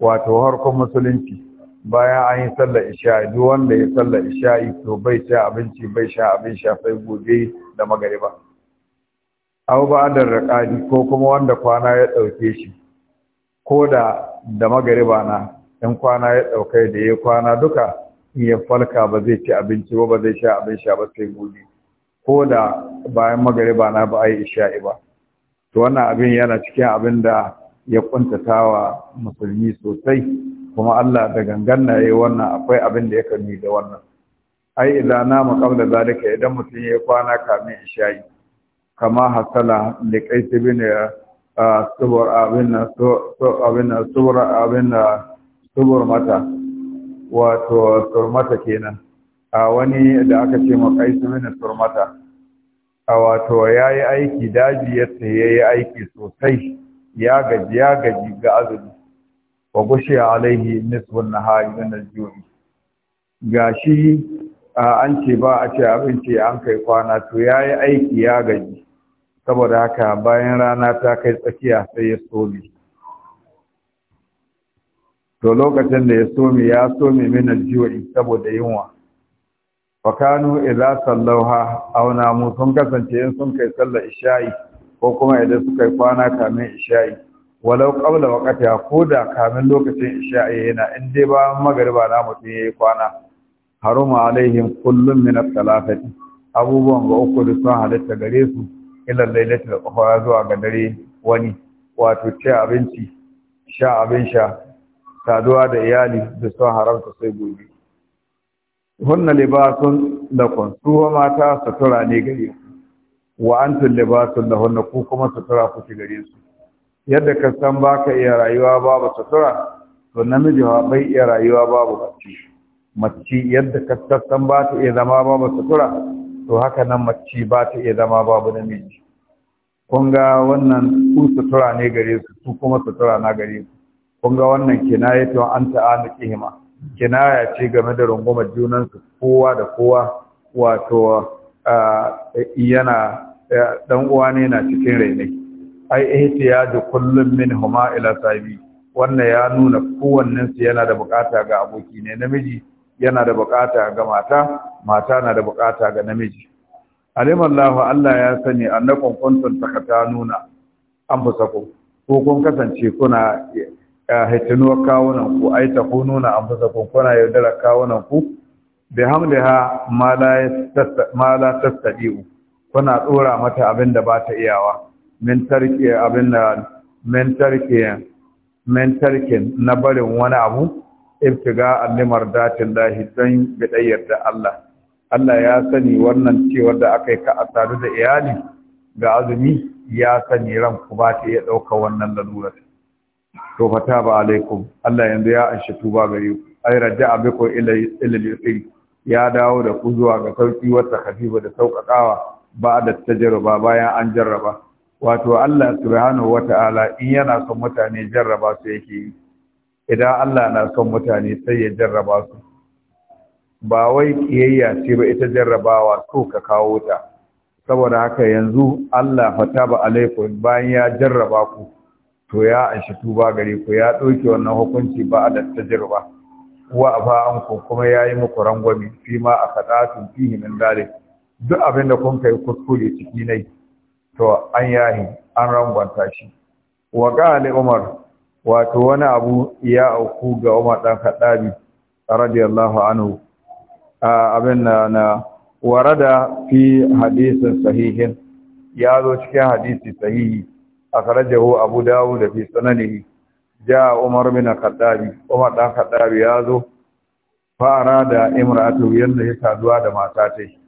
wato harkon musulunci bayan an yi sallar isha'i duk wanda ya sallar isha'i to bai ci abinci bai sha abin sha sai gobe da magariba abu ba da raqadi ko kuma wanda kwana ya dauke shi ko da da magariba na in kwana ya dauke da ya kwana duka in ya falka ba zai ci abinci ba ba zai sha abin sha ba sai gobe ko da bayan magariba na ba a yi isha'i ba to wannan abin yana cikin abin da ya kuntatawa musulmi sosai kuma Allah da gangan na yi wannan akwai abin da ya kami da wannan ai ila na da zalika idan mutum ya kwana kamin shayi. kama hasala da kai su bin subur abin na abin na mata wato surmata kenan a wani da aka ce ma kai su bin surmata a wato ya yi aiki daji ya yi aiki sosai ya gaji ya gaji ga azumi wa gushiya alaihi nisbun nahari min al-jumi gashi an ce ba a ce abinci an kai kwana to yayi aiki ya gaji saboda haka bayan rana ta kai tsakiya sai ya somi to lokacin da ya somi ya somi min al-jumi saboda yunwa wa kanu idza sallauha aw namu sun kasance in sun kai sallar isha'i ko kuma idan suka kwana kamin isha'i walau qabla ko da kamin lokacin isha'i yana in dai ba magariba na mutum ya yi kwana haruma alaihim kullum min talafati abubuwan ga uku da sun halitta gare su ila lailatul ukhra zuwa ga dare wani wato ci abinci sha abin sha saduwa da iyali da sun haramta sai gobe hunna libasun lakum su mata sutura ne gare ku wa antum libasun lahunna ku kuma sutura kuke gare su yadda ka san baka iya rayuwa babu sutura to namiji ba bai iya rayuwa babu mace mace yadda ka san ba ta iya zama babu sutura to haka nan mace ba ta iya zama babu namiji kun ga wannan su sutura ne gare su su kuma sutura na gare su kun ga wannan kinaya to an ta'ana kihima kinaya ce game da rungumar junansu kowa da kowa wato yana dan uwa ne na cikin rainai ai ihtiyaju kullum min huma ila sahibi wannan ya nuna kowannen su yana da bukata ga aboki ne namiji yana da bukata ga mata mata na da bukata ga namiji alimallahu Allah ya sani annakum kuntum takatanuna an ko kun kasance kuna hitinu eh, kawunan ku ai nuna an Ku kuna yaudara kawunan ku bi hamliha ma la tastadiu kuna dora mata abin da ba ta iyawa min tarke abin da min tarke min tarke na barin wani abu ibtiga allimar datin lahi don bidayyar da Allah Allah ya sani wannan cewar da aka yi ka asaru da iyali ga azumi ya sani ran ku ba ta iya ɗauka wannan lalurar to fata ba alaikum Allah yanzu ya anshi tuba gare ku ai raja'a bikum ila al-yusri ya dawo da ku zuwa ga sauki wata khafifa da sauƙaƙawa ba da tajarruba bayan an jarraba wato Allah subhanahu wata'ala in yana son mutane jarraba su yake yi idan Allah na son mutane sai ya jarraba su ba wai kiyayya ce ba ita jarrabawa so ka kawo ta saboda haka yanzu Allah fataba alaikum bayan ya jarraba ku to ya anshi tuba gare ku ya dauke wannan hukunci ba da tajriba wa afa ku kuma yayi muku rangwami fi ma akadatu fihi min dalik duk abin da kun kai kuskure ciki nai to an yahi an rangwanta shi wa qali umar wato wani abu ya auku ga umar dan kadabi radiyallahu anhu abin na warada fi hadisin sahihin ya zo cikin hadisi sahihi akhrajahu abu dawud fi sunanihi ja umar bin kadabi, umar dan kadabi ya zo fa arada imra'atu yanda ya saduwa da mata tai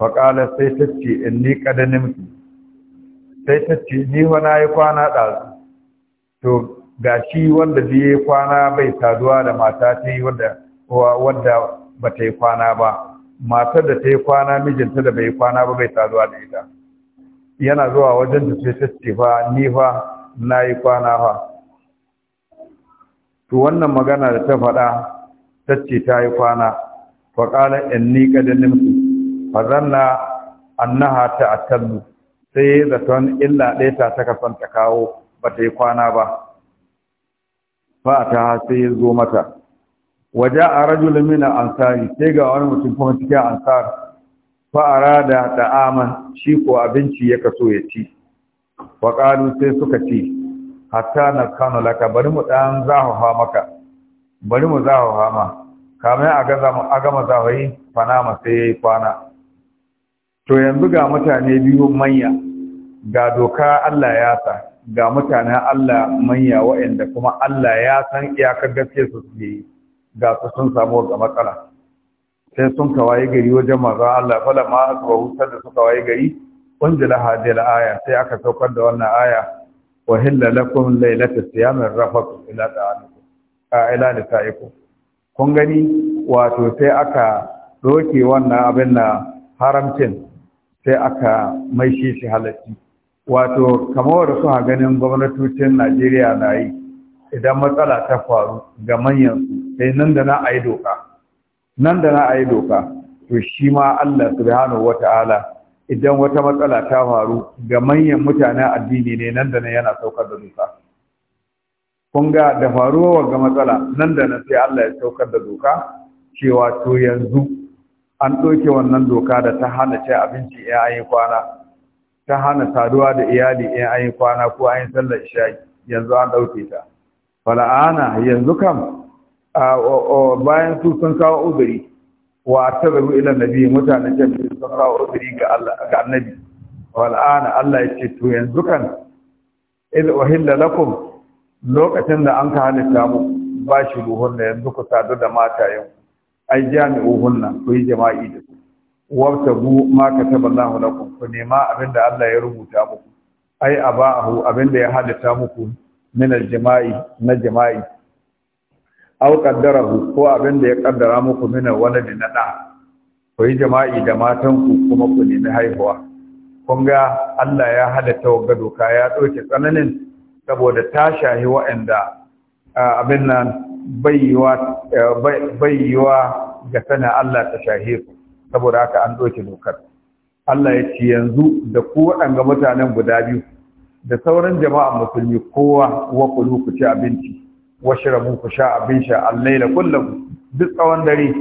faƙala sai ta ce in ni ƙadanimtu sai ta ce ni wana ya kwana ɗazu to ga shi wanda zai yi kwana bai saduwa da mata ta yi wadda ba ta yi kwana ba matar da ta yi kwana mijinta da bai yi kwana ba bai saduwa da ita yana zuwa wajen da sai ta ce fa ni fa na yi kwana fa to wannan magana da ta faɗa ta ce ta yi kwana faƙala in ni ƙadanimtu fazanna annaha ta'tallu sai zaton illa ɗaya ta ta ta kawo ba ta yi kwana ba fa ta sai zo mata waje a rajulun mina ansari sai ga wani mutum kuma cikin ansar fa da aman, shi ko abinci ya kaso ya ci wa sai suka ci hatta na kano laka bari mu dan zahawa maka bari mu zahawa ma kamar a gama zahayi fanama sai ya yi kwana to yanzu ga mutane biyu manya ga doka Allah ya sa ga mutane Allah manya waɗanda kuma Allah ya san iyakar gaske su su yi ga su sun samu ga matsala sai sun kawai gari wajen maza Allah fala ma asba wutar da suka waye gari unzila hadhihi al-aya sai aka saukar da wannan aya wa hilla lakum laylatu siyamir ila ta'alikum a ila nisaikum kun gani wato sai aka doke wannan abin na haramcin sai aka mai shi shi halatti wato kamar da ganin gwamnatocin najeriya na yi idan matsala ta faru ga manyan su sai nan da na a yi doka nan da na a yi doka to shi ma allah subhanahu ta'ala, idan wata matsala ta faru ga manyan mutanen addini ne nan da nan yana saukar da doka kun ga da faruwa ga matsala nan da nan sai allah ya saukar da doka cewa to yanzu an ɗauke wannan doka da ta hana cin abinci in an yi kwana ta hana saduwa da iyali in an yi kwana ko an yi sallar isha'i yanzu an ɗauke ta fala'ana yanzu kam bayan su sun kawo uzuri wa tazaru ila nabi mutanen jami'i sun kawo uzuri ga Allah ga annabi wal'ana Allah ya ce to yanzu kan il uhilla lakum lokacin da an ka halitta mu ba shi ruhun da yanzu ku sadu da matayen ai jami'uhunna ku yi jama'i da su bu ma ka kataballahu lakum ku nema abinda Allah ya rubuta muku ai aba'ahu abinda ya halatta muku min aljama'i na jama'i aw qaddarahu ko abinda ya kaddara muku min waladi na da ku yi jama'i da matan ku kuma ku nemi haihuwa kun ga Allah ya halatta wa doka ya doke tsananin saboda ta shahi wa'anda abin nan bayyawa ga sana Allah ta shahe ku saboda haka an doke dokar Allah ya ce yanzu da ku mutanen guda biyu da sauran jama'a musulmi kowa wa kulu ku ci abinci wa shirabu ku sha abin sha allaila kullum duk tsawon dare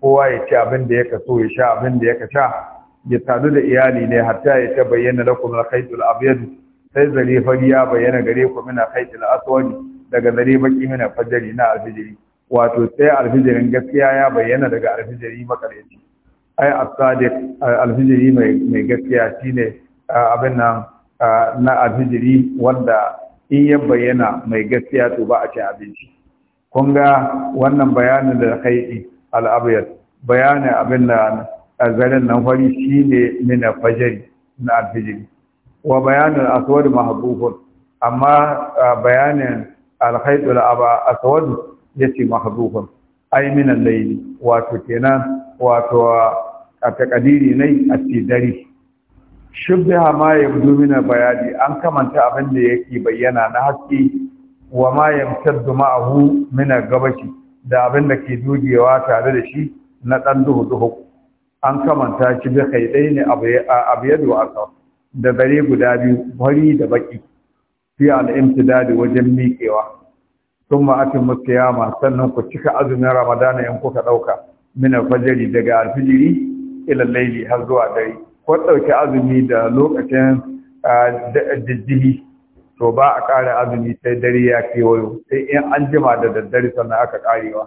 kowa ya ci abin da ya kaso ya sha abin da ya kasha ya sadu da iyali ne har ta ya ta bayyana lakum al-khaytul abyad sai zare fari ya bayyana gare ku mina khaytul aswad daga zare baki mina fajari na alfijiri wato sai alfijirin gaskiya ya bayyana daga alfijiri makarici ai asadiq alfijiri mai mai gaskiya shine abin nan na alfijiri wanda in ya bayyana mai gaskiya to ba a ci abinci kun ga wannan bayanin da kai al-abyad bayanin abin da zaren nan fari shine mina fajari na alfijiri wa bayanin aswad mahbubun amma bayanin alhaidul aba aswad yace mahdhufun ay min al-layli wato kenan wato a takadiri nai a tidari shubha ma yabdu min bayadi an kamanta abin da yake bayyana na haske wa ma yamtaddu ma'ahu min gabashi da abin da ke dogewa tare da shi na dan duhu duhu an kamanta shi bi khaidaini abyadu wa asfar da gare guda biyu bari da baki fi al wajen miƙewa thumma atimmu siyama sannan ku cika azumin ramadana in kuka ɗauka mina fajari daga alfijiri fajri har zuwa dare ko ɗauki azumi da lokacin jijjihi to ba a ƙara azumi sai dare ya kewayo sai in an jima da daddare sannan aka ƙarewa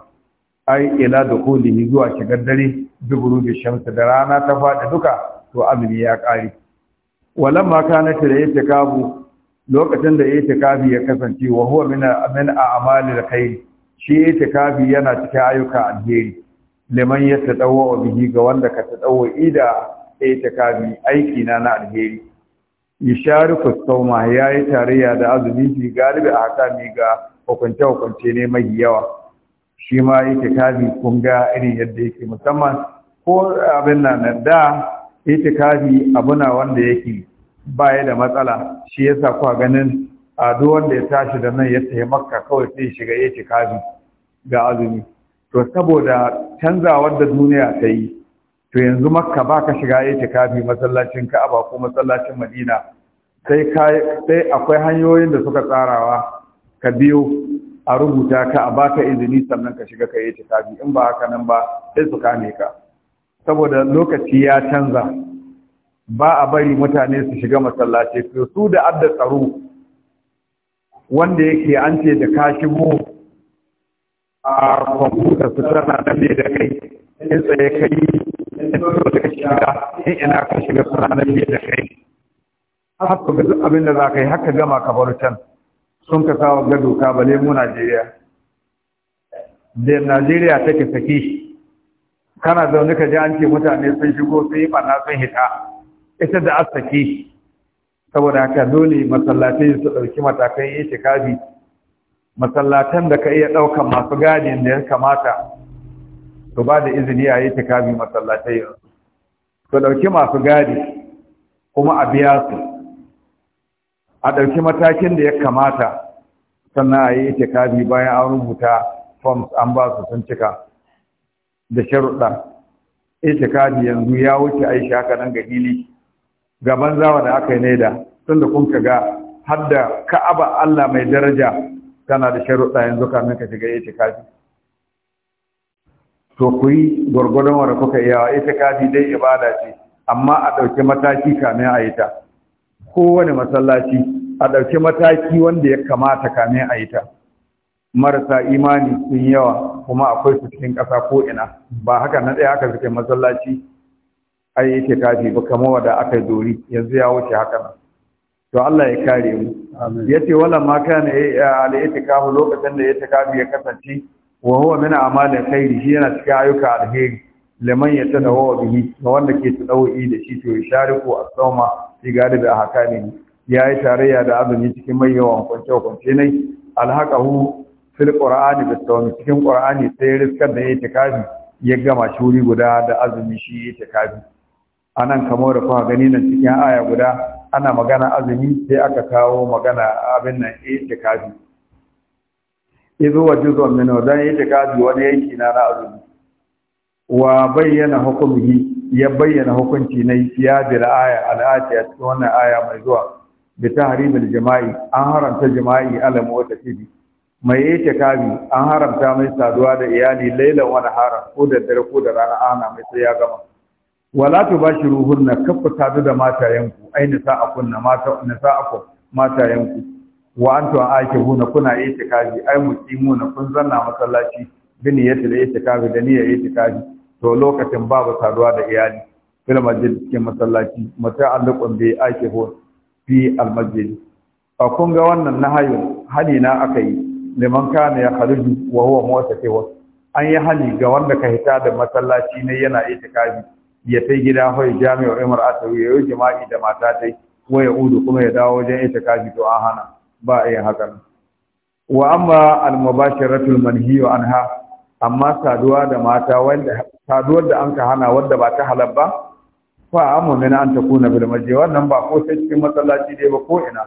ai ila da kolihi zuwa shigar dare duburu da shamsu da rana ta faɗi duka to azumi ya ƙare walamma kana tare ya kabu lokacin da itikafi ya kasance wa huwa min min a'malil khair shi itikafi yana cikin ayyuka alheri liman yatadawwa bihi ga wanda ka tadawwa ida itikafi aiki na na alheri yishariku sawma yayi tarayya da azumi fi galibi a ahkami ga hukunce hukunce ne mai yawa shi ma itikafi kun ga irin yadda yake musamman ko abin nan da itikafi abuna wanda yake baya da matsala shi yasa kuwa ganin a duk wanda ya tashi da nan ya taimaka kawai sai shiga ya ci kazi ga azumi to saboda canzawar da duniya ta yi to yanzu makka ba ka shiga ya ci kafi masallacin ka'aba ko masallacin madina sai akwai hanyoyin da suka tsarawa ka biyo a rubuta ka a baka izini sannan ka shiga ka yi ci in ba haka nan ba sai su kame ka saboda lokaci ya canza ba a bari mutane su shiga masallaci to su da adda tsaro wanda yake an ce da ka shigo a kwamfuta su tana nan ne da kai in tsaye kai in so da shiga in ina ka shiga suna nan ne da kai haka ga abin da za ka yi haka gama ka bar can sun ka sawa ga doka bale mu Najeriya da Najeriya take saki kana zaune ka ji an ce mutane sun shigo sun yi ɓanna sun hita ita da asake shi saboda haka dole masallatai su ɗauki matakan itikafi masallatan da ka iya ɗaukan masu gadin da ya kamata to ba da izini a itikafi masallatai yanzu su ɗauki masu gadi kuma a biya su a ɗauki matakin da ya kamata sannan a yi itikafi bayan an rubuta forms an ba su sun cika da sharuɗa itikafi yanzu ya wuce aisha haka nan ga hili gaban banzawa da aka yi naida tun da kun ga hadda ka'aba Allah mai daraja tana da sharuɗa yanzu kamin ka shiga itikafi to ku yi gwargwadon wanda kuka iya itikafi dai ibada ce amma a ɗauki mataki kamin a yi ta kowane masallaci a ɗauki mataki wanda ya kamata kamin a yi ta marasa imani sun yawa kuma akwai su cikin ƙasa ko ina ba haka na ɗaya haka suke masallaci a yi tafi ba kamar wanda aka yi dori yanzu ya wuce haka to Allah ya kare mu yace wala ma kana al itikafu lokacin da ya itikafi ya kasance wa huwa min amali khairi shi yana cikin ayyuka alheri liman ya tadawa bihi ga wanda ke tadawi da shi to ya shariku as-sawma fi galibi Ya yayi tarayya da azumi cikin mai yawan kwance kwance ne alhaqahu fil qur'ani da sawmi cikin qur'ani sai riskar da itikafi ya gama shuri guda da azumi shi itikafi a nan kamar da kuma gani nan cikin aya guda ana magana azumi sai aka kawo magana abin nan itikafi izu wa juzun yi wadan kaji wani yanki na na azumi wa bayyana hukumi ya bayyana hukunci na ya bil aya al'ati a cikin wannan aya mai zuwa bi tahrimil jima'i an haramta jima'i ala mu'tasibi mai kaji an haramta mai saduwa da iyali lailan wani haram ko da dare ko da rana ana mai sai ya gama wala tu bashiru hunna kafa tadu da matayenku ai nisa akunna mata nisa akun matayenku wa antu huna kuna itikafi ai mu ci na kun zanna masallaci bin yadda da itikafi da niyyar itikafi to lokacin babu saduwa da iyali fil masjid cikin masallaci mata alqan bi akihun fi al masjid a kun ga wannan nahayin hali na aka yi liman kana ya kharuju wa huwa mawtatiwa an yi hali ga wanda ka hita da masallaci ne yana itikafi ya kai gida hoi, jami'ar Umar Asawi ya yi jima'i da mata tai ko ya udu kuma ya dawo wajen ita kafi to an hana ba a yin hakan wa amma al-mubasharatul manhiyu anha amma saduwa da mata wanda saduwar da anka hana wanda ba ta halal ba fa amma mena an takuna bil masjid wannan ba ko sai cikin masallaci dai ba ko ina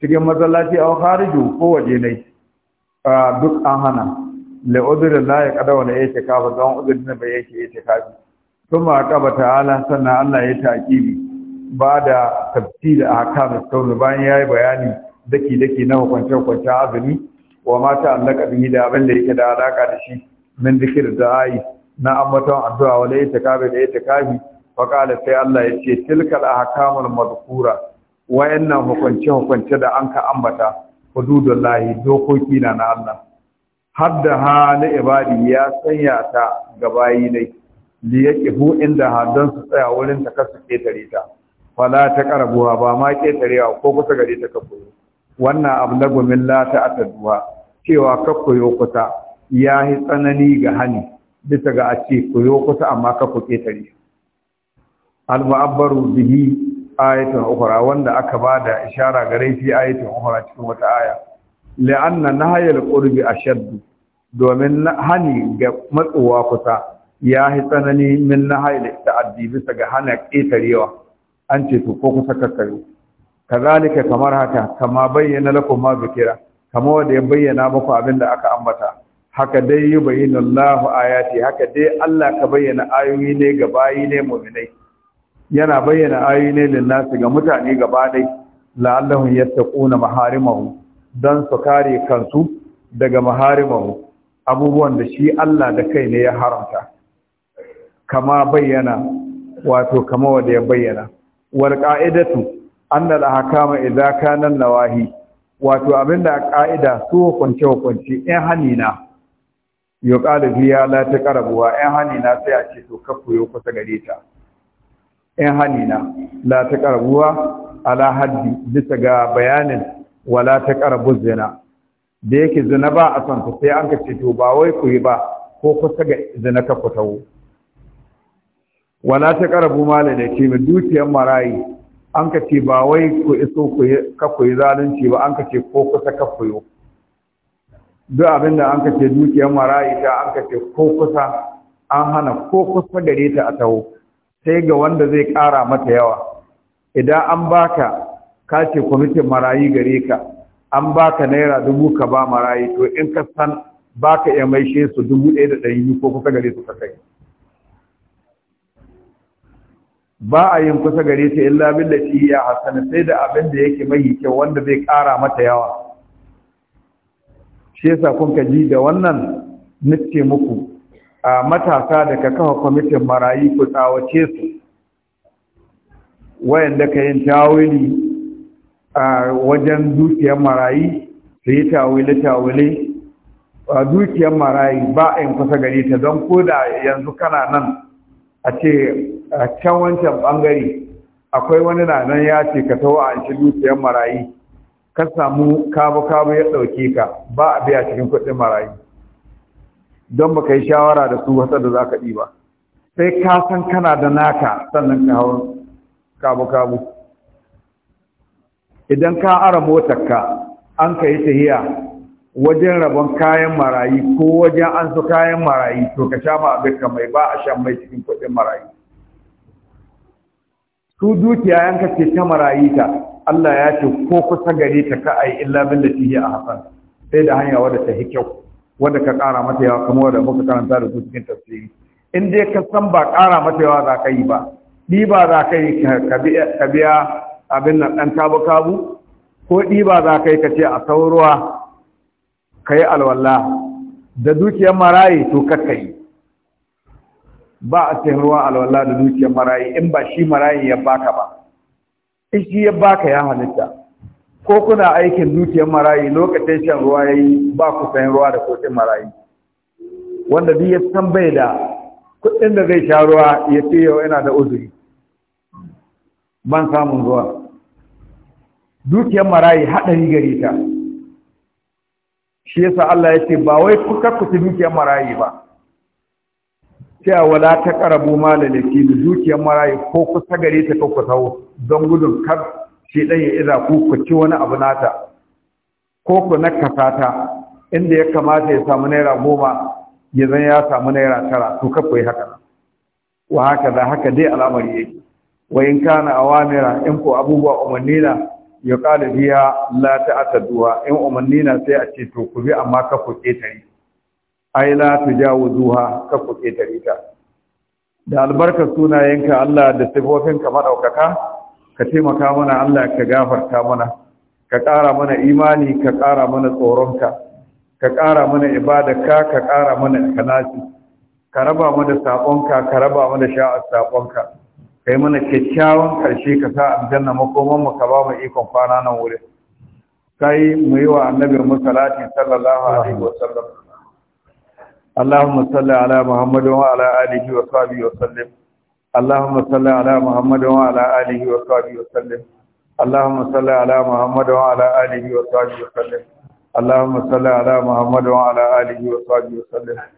cikin masallaci aw kharijo ko waje ne duk an hana la udri la ya kada wala yake kafa don udri ne ba yake yake kafi kuma akaba ta'ala sannan Allah ya taƙibi ba da tafsir ahkam as-sawm bayan yayi bayani daki daki na hukunce hukunce azumi wa mata ta'allaka bihi da abin da yake da alaka da shi min zikir da'i na ambaton addu'a wala itikabi da itikabi wa qala sai Allah ya ce tilkal ahkamul madhkura wayannan hukunce hukunce da an ka ambata hududullahi dokoki na na Allah hadda ha na ibadi ya sanya ta ga bayi li yaqifu inda hadan su tsaya wurin ta kasu ketare ta fala ta karabuwa ba ma ketarewa ko kusa gare ta kafu wannan abu gumin min la ta'taduwa cewa ka koyo kusa ya yi tsanani ga hani bisa ga a ce koyo kusa amma ka ku ketare al-mu'abbaru bihi ayatun ukhra wanda aka bada ishara gare shi ayatun ukhra cikin wata aya li'anna nahyal qurbi ashaddu domin hani ga matsuwa kusa ya yi tsanani min na da ta'addi bisa ga hana ƙetarewa an ce to ko kusa kakkayo kazalika kamar haka kama bayyana lakum ma bikira kama wanda ya bayyana muku abin da aka ambata haka dai bayyana Allahu ayati haka dai Allah ka bayyana ayoyi ne ga bayi ne mu'minai yana bayyana ayoyi ne linnasi ga mutane gaba dai la'allahum yattaquna maharimahu dan su kare kansu daga maharimahu abubuwan da shi Allah da kai ne ya haramta kama bayyana wato kama wanda ya bayyana war qa'idatu anna al ahkama idza kana nawahi wato abinda ka'ida su hukunce hukunci in yo na yuqalu biya la taqrabuha in hanina na sai a ce to kafu yo kusa gare ta in hanina na la taqrabuha ala haddi bisa ga bayanin wala taqrabu zina da yake zina ba a san ta sai an ka ce to ba wai ku yi ba ko kusa ga zina ka ku tawo wala ta karabu mala da ce mai dukiyar marayi an ka ce ba wai ku iso ka yi zalunci ba an ka ce ko kusa ka koyo duk abin da an ka ce dukiyar marayi ta an ka ce ko kusa an hana ko kusa gare ta a taho sai ga wanda zai kara mata yawa idan an baka ka ce kwamitin marayi gare ka an baka naira dubu ka ba marayi to in ka san baka ya maishe su dubu ɗaya da ɗari ko kusa gare su ka kai ba a yin kusa gare ta illa billati ya hasana sai da abin da yake mai kyau wanda zai kara mata yawa shi yasa kun ka ji da wannan nace muku a matasa da ka kafa kwamitin marayi ku tsawace su wayanda ka yin tawili a wajen dukiyar marayi su yi tawili a dukiyar marayi ba a yin kusa gare ta don ko da yanzu kana nan a ce a can wancan bangare akwai wani na nan ya ce ka tawo a shi dukiyar marayi ka samu kabu kabu ya ɗauke ka ba a biya cikin kuɗin marayi don baka yi shawara da su wasa da za ka ɗiba sai ka san kana da naka sannan ka hau kabu kabu idan ka ara motarka an ka yi tahiya wajen rabon kayan marayi ko wajen an su kayan marayi to ka sha ma abin mai ba a sha mai cikin kuɗin marayi su dukiya yanka ce ta marayi ta Allah ya ce ko kusa gare ta ka ai illa billati a hasan sai da hanya wadda ta kyau wadda ka kara mata yawa kamar wadda muka karanta da su cikin tafsiri in dai ka san ba kara mata yawa za ka yi ba ba za ka yi ka biya abin nan ɗan kabu kabu ko ɗiba za ka yi ka ce a sauruwa yi alwala da dukiyar marayi to yi, ba a sayan ruwa alwala da dukiyar marayi in ba shi marayi ya baka ba in shi ya baka ya halitta ko kuna aikin dukiyar marayi lokacin shan ruwa yayi ba ku sayan ruwa da kotun marayi wanda duk ya san bai da kuɗin da zai sha ruwa ya ce yau yana da uzuri ban samun ruwa dukiyar marayi haɗari gare ta shi yasa Allah ya ce ba wai kuka ku ci dukiyar marayi ba cewa wala ta karabu malal da dukiyar marayi ko ku sagare ta ku tawo don gudun kar shi dan ya iza ku ku ci wani abu nata ko ku nakasa ta inda ya kamata ya samu naira goma ya zan ya samu naira tara to ka yi haka wa haka da haka dai al'amari yake wa in kana awamira in ko abubuwa umarni na ya kada biya la ta'taduha in umanni na sai a ce to ku bi amma ka ku ketare ai la jawuduha ka ku ketare ta da albarka sunayenka Allah da sifofin ka madaukaka ka taimaka mana Allah ka gafarta mana ka ƙara mana imani ka ƙara mana tsoronka ka ƙara mana ibadarka ka ƙara mana kanaci, ka raba mana sabonka ka raba mana sha'ar sabonka kai mana kyakkyawan ƙarshe ka sa aljanna makoman mu ka ba mu ikon kwana nan wurin kai mu yi wa annabi mu salati sallallahu alaihi wa sallam Allahumma salli ala Muhammad wa ala alihi wa sahbihi wa sallim Allahumma salli ala Muhammad wa ala alihi wa sahbihi wa sallim Allahumma salli ala Muhammad wa ala alihi wa sahbihi wa sallim Allahumma salli ala Muhammad wa ala alihi wa sahbihi wa sallim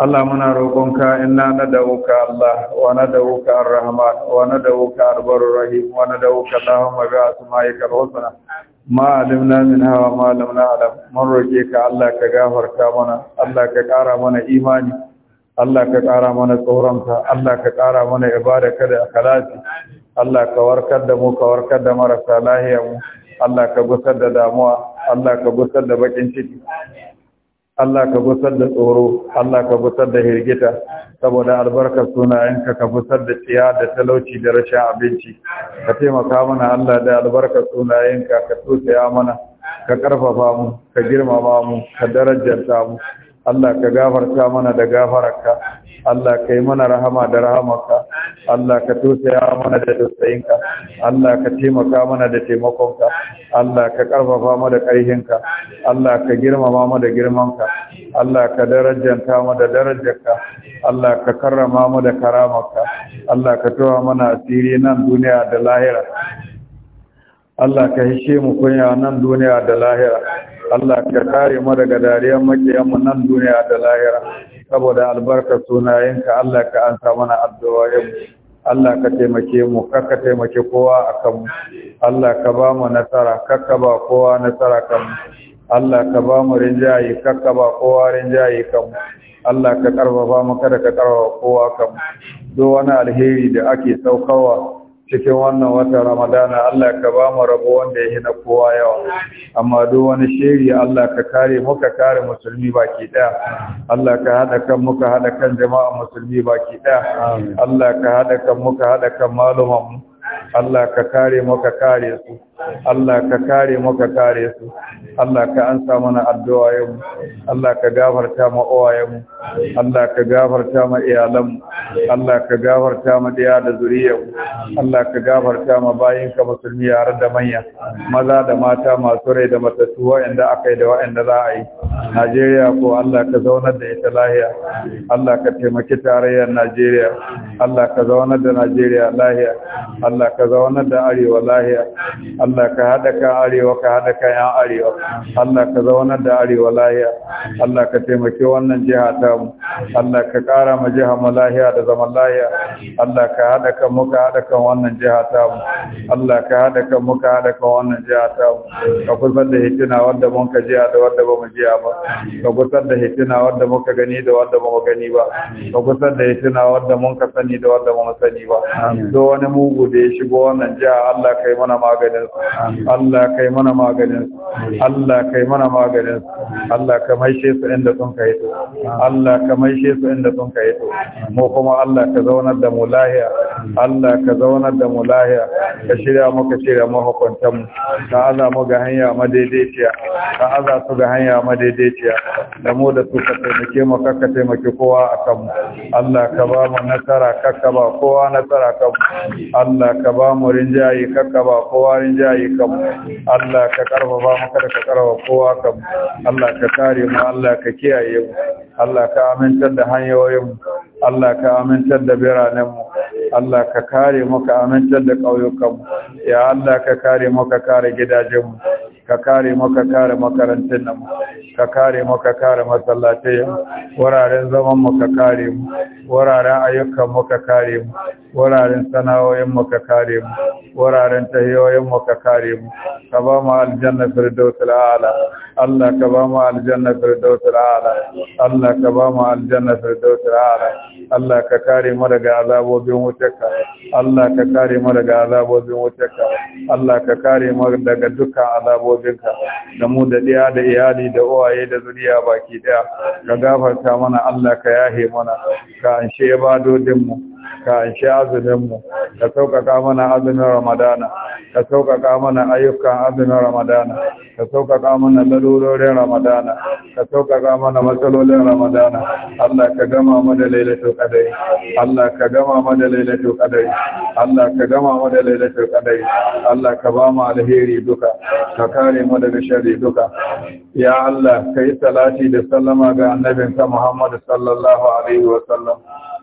Allah muna roƙonka na nad'uka Allah wa na nad'uka Ar-Rahman wa nad'uka Ar-Barr Rahim wa nad'uka Allahumma bi asma'ika al-husna ma alimna minha wa ma lam na'lam mun roƙe ka Allah ka gafarta mana Allah ka ƙara mana imani Allah ka ƙara mana tsoronka Allah ka ƙara mana ibada kada akhlasi Allah ka warkar da mu ka warkar da marasa lahiya mu Allah ka gusar da damuwa Allah ka gusar da bakin ciki Allah ka gusar da tsoro Allah ka gusar da hirgita saboda albarkar sunayenka ka gusar da tsiya da talauci da rashin abinci ka taimaka mana Allah da albarkar sunayenka ka tsotsaya mana ka ƙarfafa mu ka girmama mu ka darajarta mu Allah ka gafarta mana da gafararka Allah ka yi mana rahama da rahamarka Allah ka tausaya mana da tausayinka Allah ka taimaka mana da taimakonka Allah ka karfafa mana da karhinka Allah ka girmama mana da girmanka Allah ka darajanta mana da darajarka Allah ka karrama mana da karamarka Allah ka tawa mana asiri nan duniya da lahira Allah ka hishe mu kunya nan duniya da lahira Allah ka kare mu daga dariyar makiyan mu nan duniya da lahira saboda albarka sunayenka Allah ka ansa mana addu'o'in Allah ka taimake mu kakka taimake kowa akan mu Allah ka ba mu nasara kakka ba kowa nasara kan mu Allah ka ba mu rinjaye kakka ba kowa rinjaye kan mu Allah ka karfafa mu kada ka karfafa kowa kan mu duk wani alheri da ake saukawa cikin wannan watan ramadana Allah ka ba mu rabo wanda ya na kowa yawa amma duk wani shiri Allah ka kare mu ka kare musulmi baki daya Allah ka hada kan mu ka hada kan jama'a musulmi baki daya Allah ka hada kan mu ka hada kan malumanmu Allah ka kare mu ka kare su Allah ka kare mu ka kare su Allah ka ansa mana addu'a yau Allah ka gafarta mu uwayen mu Allah ka gafarta mu iyalan mu Allah ka gafarta mu diya da zuriyar mu Allah ka gafarta mu bayin ka musulmi yare da manya maza da mata masu rai da matattu wa'anda aka yi da wa'inda za a yi Najeriya ko Allah ka zaunar da ita lahiya Allah ka taimaki tarayyar Najeriya Allah ka zaunar da Najeriya lahiya Allah ka zaunar da Arewa lahiya Allah Allah ka hada ka arewa ka hada ka yan arewa Allah ka zaunar da arewa lahiya Allah ka taimake wannan jiha ta mu Allah ka kara ma jiha mu lahiya da zaman lahiya Allah ka hada kan mu ka hada kan wannan jiha ta mu Allah ka hada kan mu ka hada kan wannan jiha ta mu ka kusan da hitina wanda mun ka jiya da wanda ba mu jiya ba ka kusan da hitina wanda muka gani da wanda ba mu gani ba ka kusan da hitina wanda mun ka sani da wanda ba mu sani ba duk wani mugu da ya shigo wannan jiha Allah kai mana maganin Allah kai mana maganin Allah kai mana maganin Allah ka maishe su inda sun kai to Allah ka maishe su inda sun kai to mu kuma Allah ka zaunar da mu lahiya Allah ka zaunar da mu lahiya ka shirya muka shirya mahukuntanmu. mu ka aza mu ga hanya madaidaiciya ka aza su ga hanya madaidaiciya da mu da su ka taimake mu ka ka taimake kowa a kan mu Allah ka ba mu nasara ka ka ba kowa nasara kan mu Allah ka ba mu rinjaye ka ka ba kowa rinjaye rinjaye kan Allah ka karfafa mu kada ka karawa kowa kan Allah ka kare mu Allah ka kiyaye mu Allah ka amintar da hanyoyin mu Allah ka amintar da biranen mu Allah ka kare mu ka amintar da mu ya Allah ka kare mu ka kare mu ka kare mu ka kare makarantun mu ka kare mu ka kare masallatai wuraren zaman mu ka kare mu wuraren ayyukan mu ka kare mu wuraren sana'o'in mu ka kare mu wuraren tahiyoyin mu ka kare mu ka ba mu aljanna firdausul a'la Allah ka ba mu aljanna firdausul a'la Allah ka ba mu aljanna firdausul a'la Allah ka kare mu daga azabobin wutaka Allah ka kare mu daga azabobin wutaka Allah ka kare mu daga dukkan ka, da mu da diya da iyali da uwaye da zuriya baki daya ka gafarta mana Allah ka yahe mana ka anshe ibadodin mu ka anshe azuminmu ka sauƙaƙa mana azumin ramadana ka sauƙaƙa mana ayyukan azumin ramadana ka sauƙaƙa mana lalurorin ramadana ka sauƙaƙa mana matsalolin ramadana Allah ka gama mana lailatul qadari Allah ka gama mana lailatul qadari Allah ka gama mana lailatul qadari Allah ka ba mu alheri duka ka kare mu daga sharri duka ya Allah kai salati da sallama ga annabinka Muhammad sallallahu alaihi wa sallam